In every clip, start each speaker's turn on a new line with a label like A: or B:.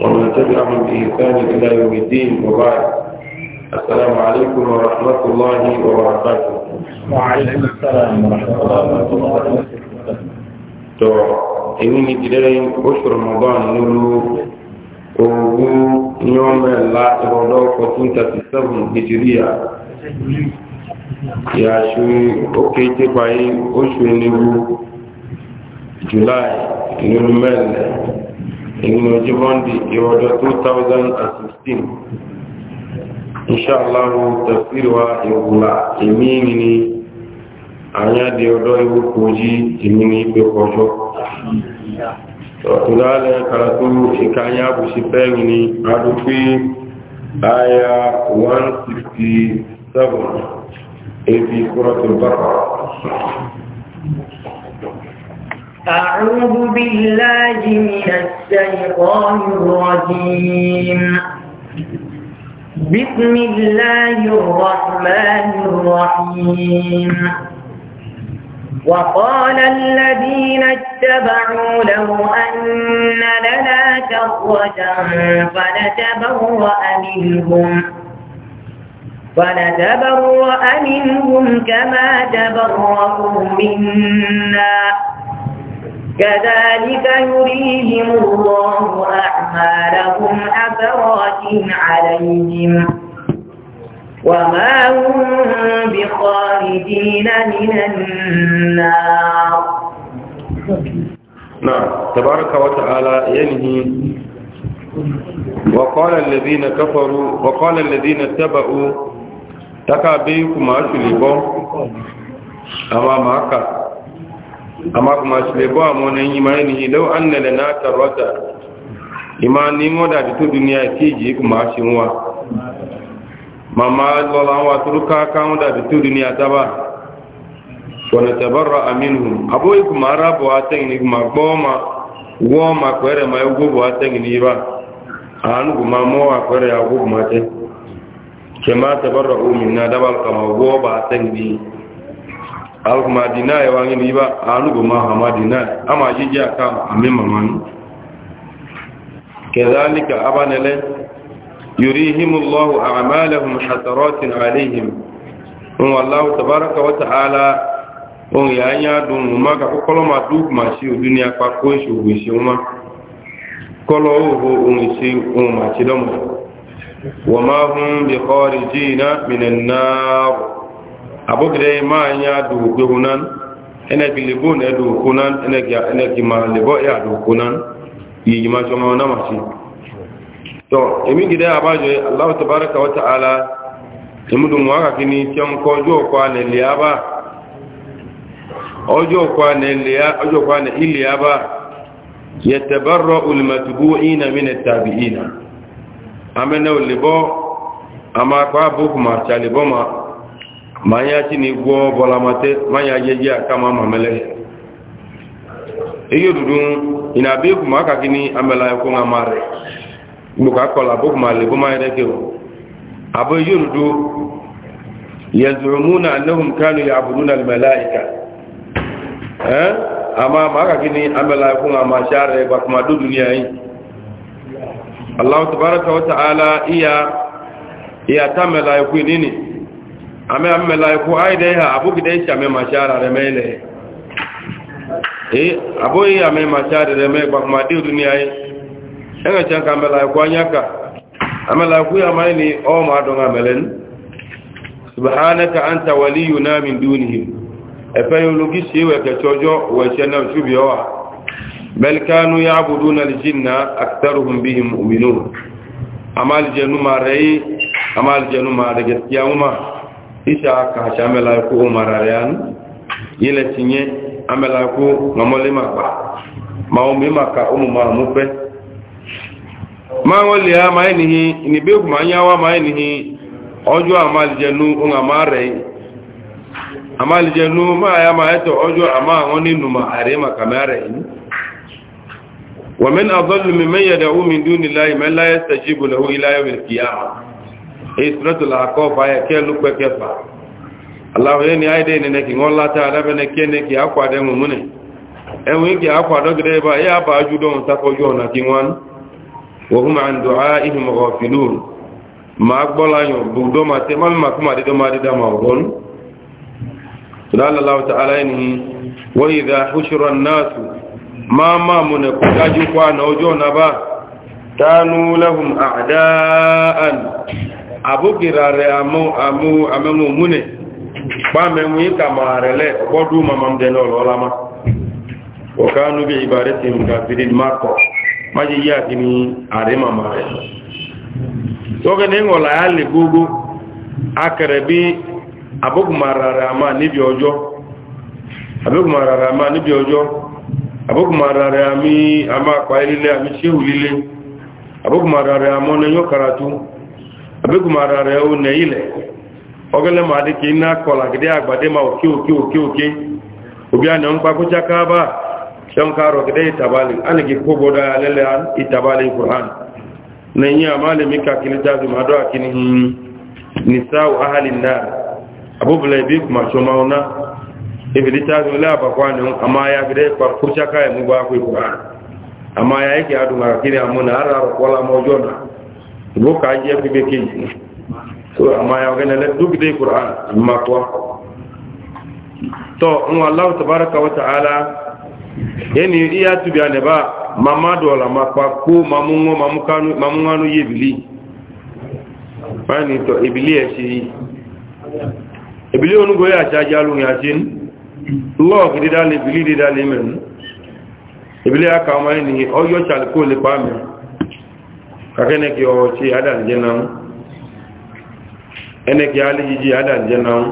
A: ومن تبعهم بإحسان إلى يوم الدين وبعد السلام عليكم ورحمة الله وبركاته وعليكم السلام ورحمة الله وبركاته تو إني جدرين بشر رمضان نولو ogun ní ọmọ ẹ̀lá ìrọ̀lọ́ 1437 nigeria ìyàṣù òkè jẹ́pàáyé oṣù ẹniwu july ìlú mẹ́lẹ̀ ìgbìmọ̀ ọjọ́ mọ́ndé ìrọ̀dọ̀ 2016 inṣàláwò tafsirwa ìwòlá èmì ní àyàdé ọdọ́ ìwò kòjí èmì ní ìpé kọjọ́ ọ̀tọ̀lálẹ̀ karatu ìkányà bùsí fẹ́rin ní adúgbé àyà 167 èdè kúrọ̀tù bàkọ̀
B: أعوذ بالله من الشيطان الرجيم بسم الله الرحمن الرحيم وقال الذين اتبعوا له أن لنا كرة فنتبرأ منهم فنتبرأ منهم كما تبرأوا منا كذلك يريهم الله أعمالهم حسرات عليهم وما هم بخالدين من النار
A: نعم تبارك وتعالى ينهي وقال الذين كفروا وقال الذين اتبعوا تكابيكم أمام أمامك amma kuma shi bai ba mu nan imani ne lau an na da na tarwata imani mo da bito duniya ke ji kuma shi wa mama lola wa turuka kan da bito duniya ta ba wa na tabarra aminhum aboyi kuma rabu a tan ni kuma goma goma kwere ma yugo bo a tan ni ba an kuma mo wa kwere ya gugu ma te kema tabarra minna dabal kama go ba tan ni alku ma dina ya wangi ni ba alugo ma ha ma dina ama jija ka amme mamani kadhalika abanale yurihimullahu a'malahum hasaratin alaihim um wallahu tabaraka wa ta'ala um ya nya dun ma ka kokolo ma du ma si dunia pa ko si o si uma kolo o um si um ma ti domo wa ma hum bi kharijina minan nar abokide ma nya du gbehunan ene bi lebo ne du kunan ene ki ene ki ma lebo ya du kunan yi ma joma na ma ci to emi gide abajo allah tabaaraka wa ta'ala imudu mu aka kini tiam ko jo ko ane liaba ojo ko ane liya ojo ko ane iliaba yatabarra'u almatbu'ina min at-tabi'ina amena lebo ama kwa buku ma cha lebo ma manya ti ni gwo bola mate manya jeje kama mamele iyo dudun ina be kuma aka kini amela ko ngamare buka kola bu kuma le kuma ire ke abo iyo dudu yazumuna annahum kanu ya'buduna almalaika eh ama maka kini amela ko ngama share ba kuma du duniya yi Allah tabaraka wa ta'ala iya iya tamela ku nini ame ame laiku ayi de ha abu gide shi ame mashara re me ne eh abu yi ame mashara re me ba kuma de duniya yi e. enga chan ka ame laiku anyaka ame laiku ya mai ni o ma don amelen subhanaka anta waliyuna min dunihim efe yologi se we ke chojo we se na shubi wa bal kanu ya'buduna al amal jenu marai amal jenu da gaskiya mu isa ka ci amela ko mararian yele tinye amela ko ngamole makpa maombe maka umu maamupe mawole ya mainihi ni be kuma nyawa mainihi ojo amaljenu unga mare amaljenu ma ya ma eto ojo ama ngoni numa are maka mare ومن أضل ممن يدعو من دون الله من لا يستجيب له إلى يوم القيامة ìsìlẹ̀tòlà akọ́fà ayẹ kí ẹlú pẹ́ ni àìdè nìyẹn kí wọ́n látà alábẹ́ni kí ẹni kí àkwàdẹ mùmúnẹ̀ ẹ̀wọ̀n kí àkwàdọ́gẹ́dẹ́ bá yá bá ajú takọjú ọ̀nà kí wọ́n wọ́n máa ń dọ̀ amụ abụgirarị amemumune gbamenwu ịka magharịla gbọdụ mamamde n'ọlọlama ọkanu bi ibaratin kafirin makọ maji yi a kini arimamarị oge na ịṅụla ya legogo akịrị bi abụgmararị ama n'ibi ọjọọ abụgmararị ama n'ibi ọjọọ abụgmararị ama akpa elile ami sehu lile abụgmararị ama ọnụ enyo karatu abekumara rẹ̀ ó nẹ̀ ilẹ̀ ọgẹ́lẹ́ máa dé kí iná kọlà gẹ́dẹ́ àgbàdé máa òkè òkè òkè òkè òbí àná ń pa kó jáká bá ṣẹ́n kárọ̀ gẹ́dẹ́ ìtàbálẹ̀ ánìkì kó bọ́dá alẹ́lẹ́ ìtàbálẹ̀ ìkùrán lẹ́yìn àmàlẹ̀ mi kàkiri jáde máa dọ́ àkíní nìsáwò áhàlì náà abúbulẹ̀ ibi kùmàṣọ máa ná ebìdí jáde olẹ́ àbàkọ́ àná àmáyá gẹ́dẹ́ kó jáká ìbò ká jẹ́ pípé kéjì tó àmàyà ọ̀gẹ́nà lẹ́dúgbìdé kùrán ìmàkọ́ tó ń wà láwù tàbárakà wata ala yẹni iya tubi anẹba mama dọ̀la ma pa kó mamúnwọ́ mamúnwánú yé ìbìlì báyìí tó ìbìlì ẹ̀ ṣe yìí ìbìlì onúgbò yà ṣáájú alóhun àti lọ́ọ̀kì dídá lè ìbìlì dídá lè mẹ́rin ìbìlì akàwọn ẹni ọyọ́ ṣàlùkò lè pa mẹ́rin kake ne ki oci adan jenan ene ki ali jiji adan jenan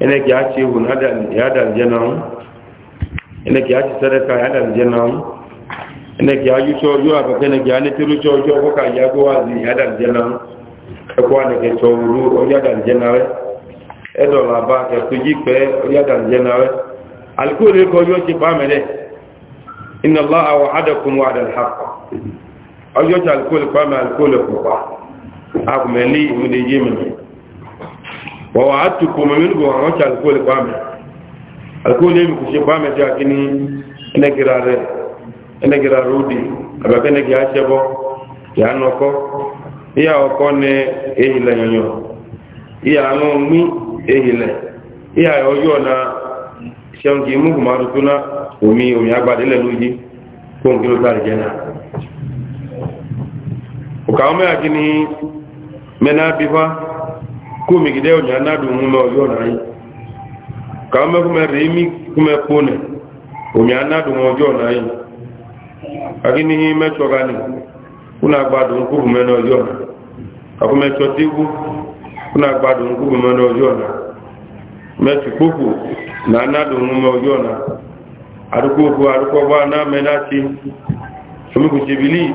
A: ene ki aci hun adan ya adan jenan ene ki aci sadaka adan jenan ene ki ayu cho yo aba kene ki ani tiru cho yo ko ka ya go wazi adan jenan e ko ne ke cho ru o ya adan jenan e do la ba ke tuji pe o ya adan jenan alkore ko yo ci pamele inna allaha wa'adakum wa'da haqq ọjọ́ tí alkóòlù pa mẹ́ alkóòlù pọ̀pá agùnmẹ́lé ìmúdé yé mi wọ̀wọ̀ àtùkù mẹ́mínúgbò àwọn tí alkóòlù pa mẹ́ alkóòlù èmì kò ṣe pa mẹ́ tí a kí ní ẹnẹ́gìrà rẹ̀ ẹnẹ́gìrà ròdì àbẹ̀kẹ́nẹ́gì àṣẹbọ́ ìyànà ọkọ́ ìyà ọkọ́ ní ehìlẹ̀ yọ̀nyọ̀ ìyà àánú mí ehìlẹ̀ ìyà ọjọ́ na ṣẹun mú ukawome akini mena bifa kumi gideo nyana du mume oyona yi kawome kume rimi kume kune umyana du mojona yi akini hi mecho gani kuna gbadu nkubu mena oyona akume chotigu kuna gbadu nkubu mena oyona mecho kuku na anadu mume oyona adukuku adukoba na menati sumikuchibili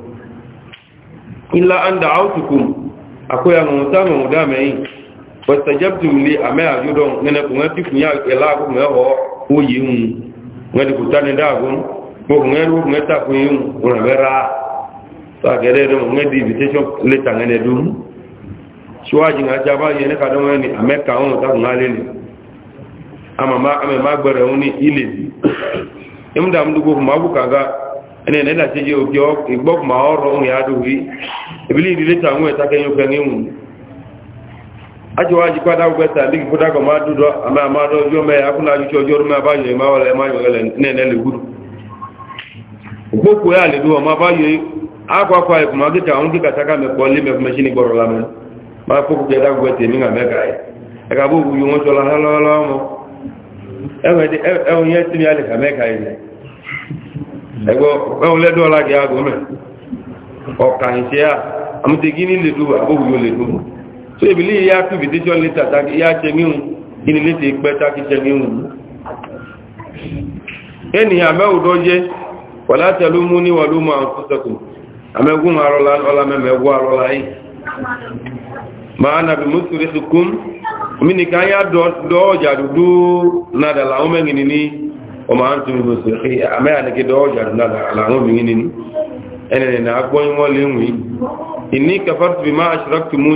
A: illa an da'awtukum akoy ya mutama mudame fastajabtum li ame ayudon ngene ko ngati kunya ila ko me ho o yim ngadi ko tane da ko ko ngeru ngeta ko yim ona vera ta gere do ngadi invitation letter ngene dum swaji nga jaba yene ka don ni ame ka on ta ngale ni ama ma ame ma gbere oni ile imda ene ne da teje o jo igbo ma oro un ya du wi ibili di leta un eta kenyo kan yun ajo waji kwa da ubeta ligi puta ko ma du do ama ma do jo me akuna ju chojo ma ba yo ma wala ma yo le ne ne le taka me ko le me kuma shini goro la me ma ko ko da mo chola la e e o yesi mi ẹgbọ́ ẹ̀hùn lẹ́dọ́ aláàgẹ́ aago mẹ́ ọ̀kà ìṣẹ́ à àmútegí ní lè dúró àbóhù yóò lè dúró tó ìbílẹ̀ ìyá tùbí tẹ́jọ́ létà tàbí ìyá ṣe níhùn kí ni létà ìpẹ́ tàbí ṣe níhùn ènìyàn àmẹ́wùdọ́ jẹ́ wọ̀lá tẹ̀lú mú ní wọ̀lú mọ́ àwọn fúnṣẹ́kù àmẹ́gùn arọ́lá ọlá mẹ́mẹ́wọ́ arọ́lá yìí máa nàbì mùsùlùmí sùkún mí nìkan yá dọ́ ọjà dúdú nádàlà ọmọ ẹ̀yìn ní ọmọ àǹtí mi gbèsè kí amẹ́yànìkì dọ́wọ́ jàdùn a àlàrún obìnrin nínú ẹni nìyẹn agbóyin wọn lé ni nǹkọ́bù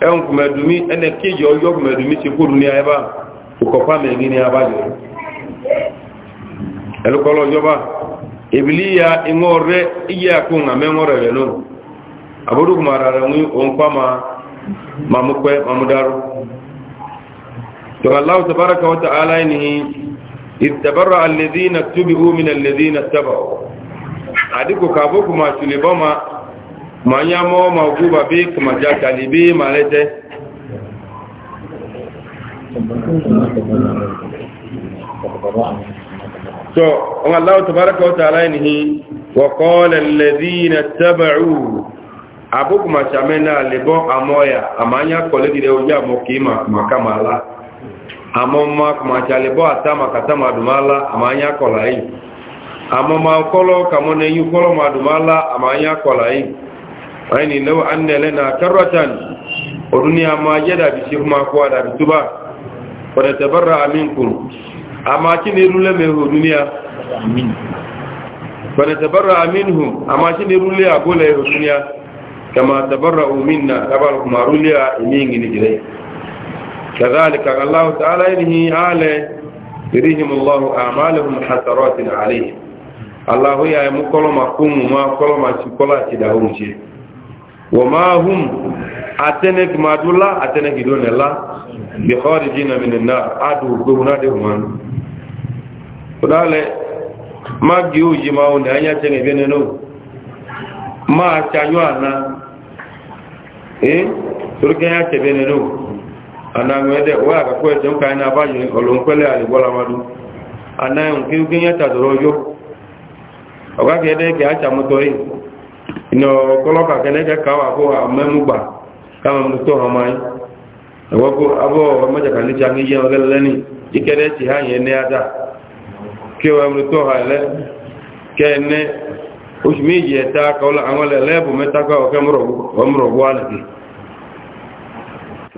A: na kùmẹ̀dùmí ẹni kéjì ọjọ́ kùmẹ̀dùmí ti kúrò ní ayébá òkọ̀pá mẹ́rin ní abájọ́ ẹlùkọ́lọ́ ọjọ́bá ìbílí ya ìwọ̀n rẹ iye àkóhùn àmẹ́wọ̀n rẹ̀ lẹ́nu àbúrò kùmọ̀ ara rẹ̀ ń òun pa máa mú pẹ́ to Allah tabaraka wa ta'ala ne istabarra alladhina tubu min alladhina tabu adiko kabo kuma tuliboma manyamo maguba be kuma ja talibi malete to Allah tabaraka wa ta'ala ne wa qala alladhina tabu abukuma shamena lebo amoya amanya kolegire oja mokima makamala amọ́mọ́ kùmàtsálẹ̀bọ́ àtàmà kàtàmà dùmálà àmànyà kọ̀là yìí amọ́mọ́ kọ́lọ́ kàmọ́nà yìí kọ́lọ́ mà dùmálà àmànyà kọ̀là yìí wáyé ni lẹ́wọ́ anẹ́lẹ́ na kárọ̀tàn ọdún ni a máa yẹ́ dàbí sí kuma kó a dàbí túbà pọ̀dẹ̀tẹ̀bára àmínkùn àmà kí ni irú lẹ́mẹ̀ẹ́ ọdún ni a pọ̀dẹ̀tẹ̀bára àmínkùn àmà kí irú lẹ́ كذلك الله تعالى إنه آله يريهم الله أعمالهم حسرات عليه الله يا مكلم أقوم ما كلم أشكلا شيء وما هم أتنك ما دولا أتنك دون الله بخارجين من النار أدو دونا دهمان فدالة ما جيو جماعون أنيا تنك ما أشانيو إيه تركيا تبيننو anaghị ede we agakwa eche m ka anyị na-abaghị olomkwele aligwala mmadụ anaghị nke ugo ihe chadoro ojo ọ gaghị ede ka acha mụtọrị n'ọkọlọka keneke ka awa abụọ a kama mụta ọhama anyị ewego abụọ mejaka ndị cha ihe ogeleleni ha nye ne ada kewe ta ọha ele kene oṣù méjì ẹ̀ta akọlọ àwọn ẹlẹ́bùn mẹ́ta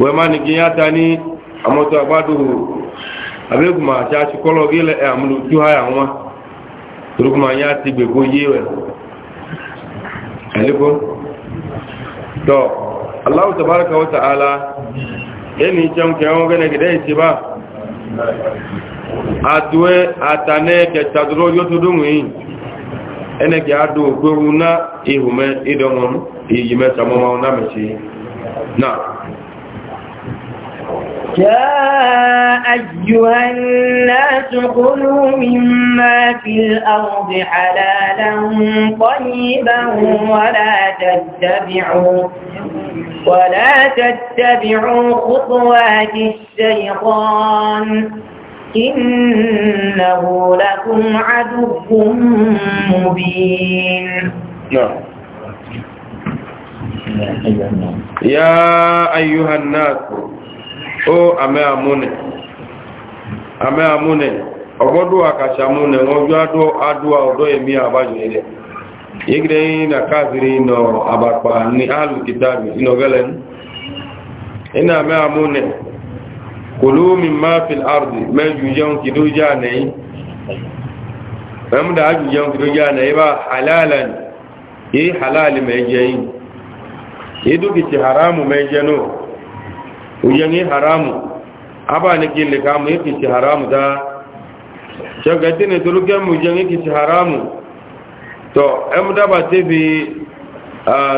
A: wee ma eh, ya amoto agbado abeguma ati asikɔlɔ gi le ha ya ŋua turukuma ya ti gbe ko ye aliko tɔ alahu tabaraka wa ta'ala eni tsɛn nke wɔn gɛnɛ gɛdɛ esi ba adoɛ atanɛ kɛtadoro yɔtɔ na ihumɛ idɔŋɔnu iyimɛ samɔmɔ na
B: يا أيها الناس كلوا مما في الأرض حلالا طيبا ولا تتبعوا ولا تتبعوا خطوات الشيطان إنه لكم عدو مبين
A: نعم. يا أيها الناس o ame amune ame amune ọgọdọ akacha amune ọjọ adọ adọ ọdọ emi abajo ile yegide na kaziri nọ abakpa ni alu kitabi inogelen ina ame amune kulu min ma fil ardi meju jẹun kido ja nẹyi mẹmu da aju jẹun kido ja nẹyi ba halalan yi halali mẹjẹ yi yi dukiti haramu mẹjẹ náà uyangi haramu aba ne kile kamu yake ci haramu da shagati ne duluke mu uyangi ki ci haramu to em da ba te bi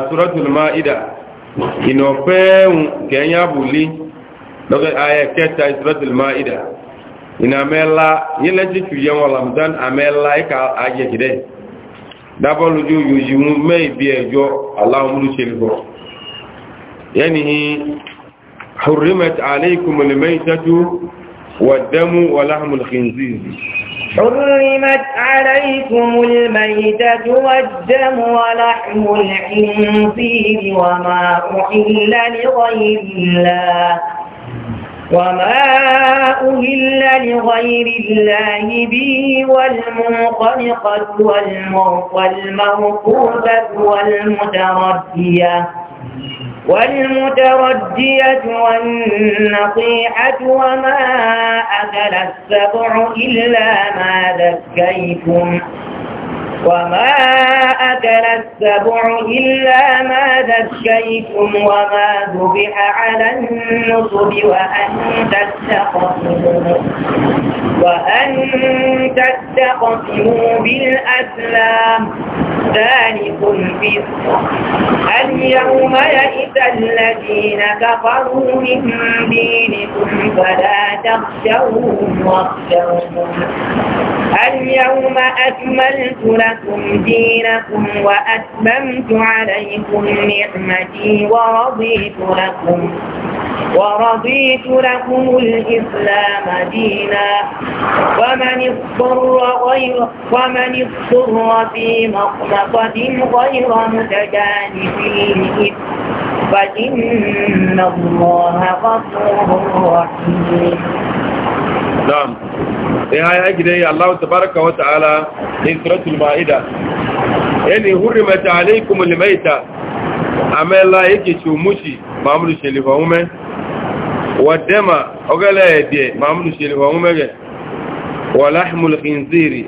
A: suratul maida ino pe kenya buli doga aya keta suratul maida ina mela yele ci ci yan wala mdan amela ka aje kide dabolu ju yuji mu mai bi ejo allahumma lu yani حرمت عليكم الميتة والدم ولحم الخنزير
B: حرمت عليكم الميتة والدم ولحم الخنزير وما أحل لغير الله وما أهل لغير الله به والمنقلقة والمرقى والمرقوبة والمتردية والمتردية والنصيحة وما أكل السبع إلا ما ذكيتم وما أكل السبع إلا ما ذكيتم وما ذبح على النصب وأن تستقسموا وأن تستقسموا بالأسلام ذلكم الفسق اليوم يئس الذين كفروا من دينكم فلا تخشوهم واخشوهم اليوم أكملت لكم لكم دينكم وأتممت عليكم نعمتي ورضيت لكم ورضيت لكم الإسلام دينا ومن اضطر غير ومن اضطر في مخلصة غير متجانف للإثم فإن الله غفور رحيم
A: نعم ya ya gidai Allah tabaraka wa ta'ala in suratul maida yani hurrimat alaykum almayta amela yake chumushi mamlu shelifa ume wadama ogale die mamlu shelifa ume ge walahmul khinziri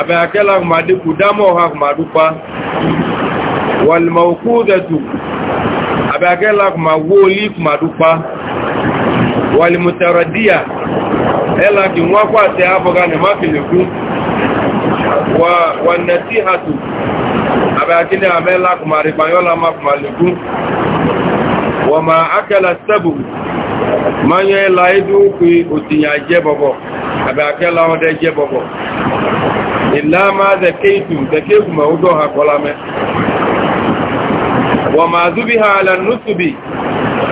A: abẹ́ akẹ́lá kùmàdíkù dámọ̀ ọha kùmàdúpa wàlìmọ̀ òkú òdẹ̀tù akẹ́lá kùmàwó olí kùmàdúpa wàlìmọ̀ ẹlà kì wọ́n kọ́ àtẹ afọ́gá ní mákìlẹ̀kú wà nẹ̀tí àtù abẹ́ akẹ́lá amẹ́lá jẹ́ bọ̀bọ̀ ìlà máa zẹ̀kéìtù zẹ̀kéìtù ma ó dọ́ha kọ́lá mẹ́ wà máa zúbí ha alànúsùbí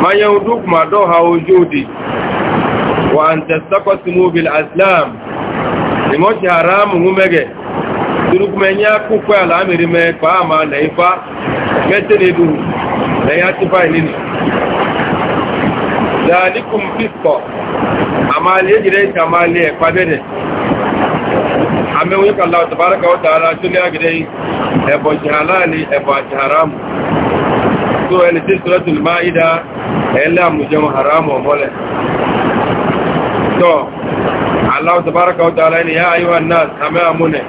A: ma yẹ ń dúkù ma dọ́ha ojú òdì wà ń tẹ̀sọ́kọ́sí mobil islam ni mọ́ ti haramu mú mẹ́gẹ̀ turukmẹ́ ní akúkọ́ alámìrí mẹ́ pàámà lẹ́ifá mẹ́tẹ́lẹ́dù àmì oníkà aláwọ̀ tàbárakà ọ̀tà ara tó lé àgìdẹ́ ẹ̀bọ̀ ìṣẹ̀hàlá ni ẹ̀bọ̀ àti haramu tó ẹni tí sọ́rọ̀tù máa ìdá ẹ̀lẹ́ àmùjẹun haramu ọmọlẹ̀ tó aláwọ̀ tàbárakà ọ̀tà ara ni yá ayíwá náà àmì àmúnẹ̀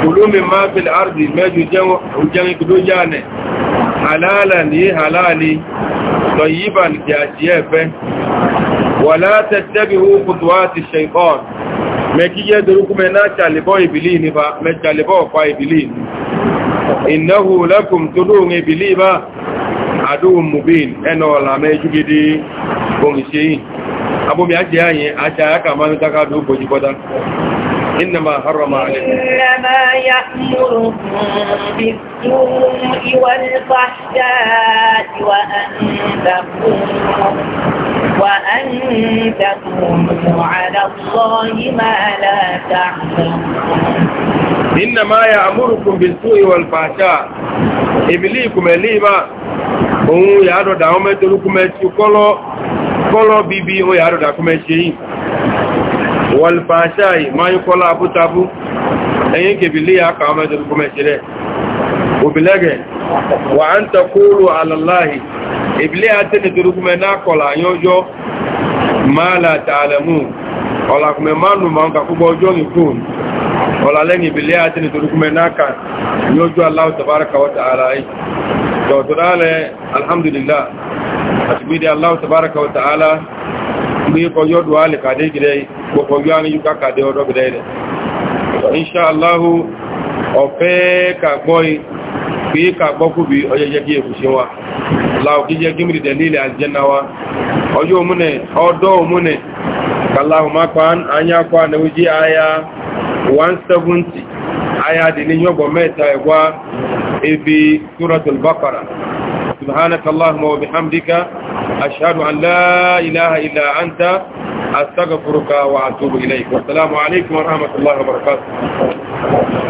A: kùlùmí máa fi àrùdì mẹ́jù jẹun ikúdó jáànẹ̀ halálà mẹ́kíyẹ́ dorúkú mẹ́ náà ṣàlẹ̀bọ́ ìbìlì nípa mẹ́ṣàlẹ̀bọ́ ọ̀pá ìbìlì ìnáhù lẹ́kùn tó lóòrin ìbìlì bá àdúhùn mubin ẹnà ọ̀là mẹ́jú gidi ohun ṣe yìí abúmi ajẹ́ àyìn àṣà àkà máa ń dáká ló
B: وأن تقولوا على الله ما لا تعلمون
A: إنما يأمركم بالسوء والفحشاء إبليكم إليما òun yàádọ̀ dà wọ́n mẹ́tẹ̀ kọ́lọ́ bíbí òun yàádọ̀ dà kú mẹ́tí yìí wọlfàṣà yìí máa ń kọ́lá abútabú ẹ̀yìn kèbìlì àkà wọ́n mẹ́tẹ̀ olúkú rẹ̀ òbìlẹ́gẹ̀ wà ń takóòrò ìbílẹ̀ àtẹ́nìtòrúkúmẹ́ náà kọ̀lá yọjọ́ máa láta àlẹ̀mú ọ̀làkùnmẹ́ máa nù máa ń kàkúgbọ́ ọjọ́ nìkún ọ̀làlẹ́yìn ìbílẹ̀ àtẹ́nìtòrúkúmẹ́ náà kà yọjọ́ aláwọ̀ tàbárakà ara yìí tọ̀tọ̀rálẹ̀ alhamdulillah àti gbé aláwọ̀ tàbárakà wọ́ta ara gbé kọjọ́ duwálì kàdé gidẹ́ gbogbo yọ́ ní yúká kàdé ọdọ́ gidẹ́ rẹ̀ inṣàláhù ọ̀fẹ́ kàgbọ́ kàgbọ́kùbí ọjẹ́jẹ́ kí èkùsí wa lawo kije gimri dalili aljanna wa ojo mune odo mune kallahu makwan anya kwa na uji aya 170 aya dini yogo meta egwa ibi suratul سبحانك اللهم وبحمدك أشهد أن لا إله إلا أنت أستغفرك وأتوب إليك والسلام عليكم ورحمة الله وبركاته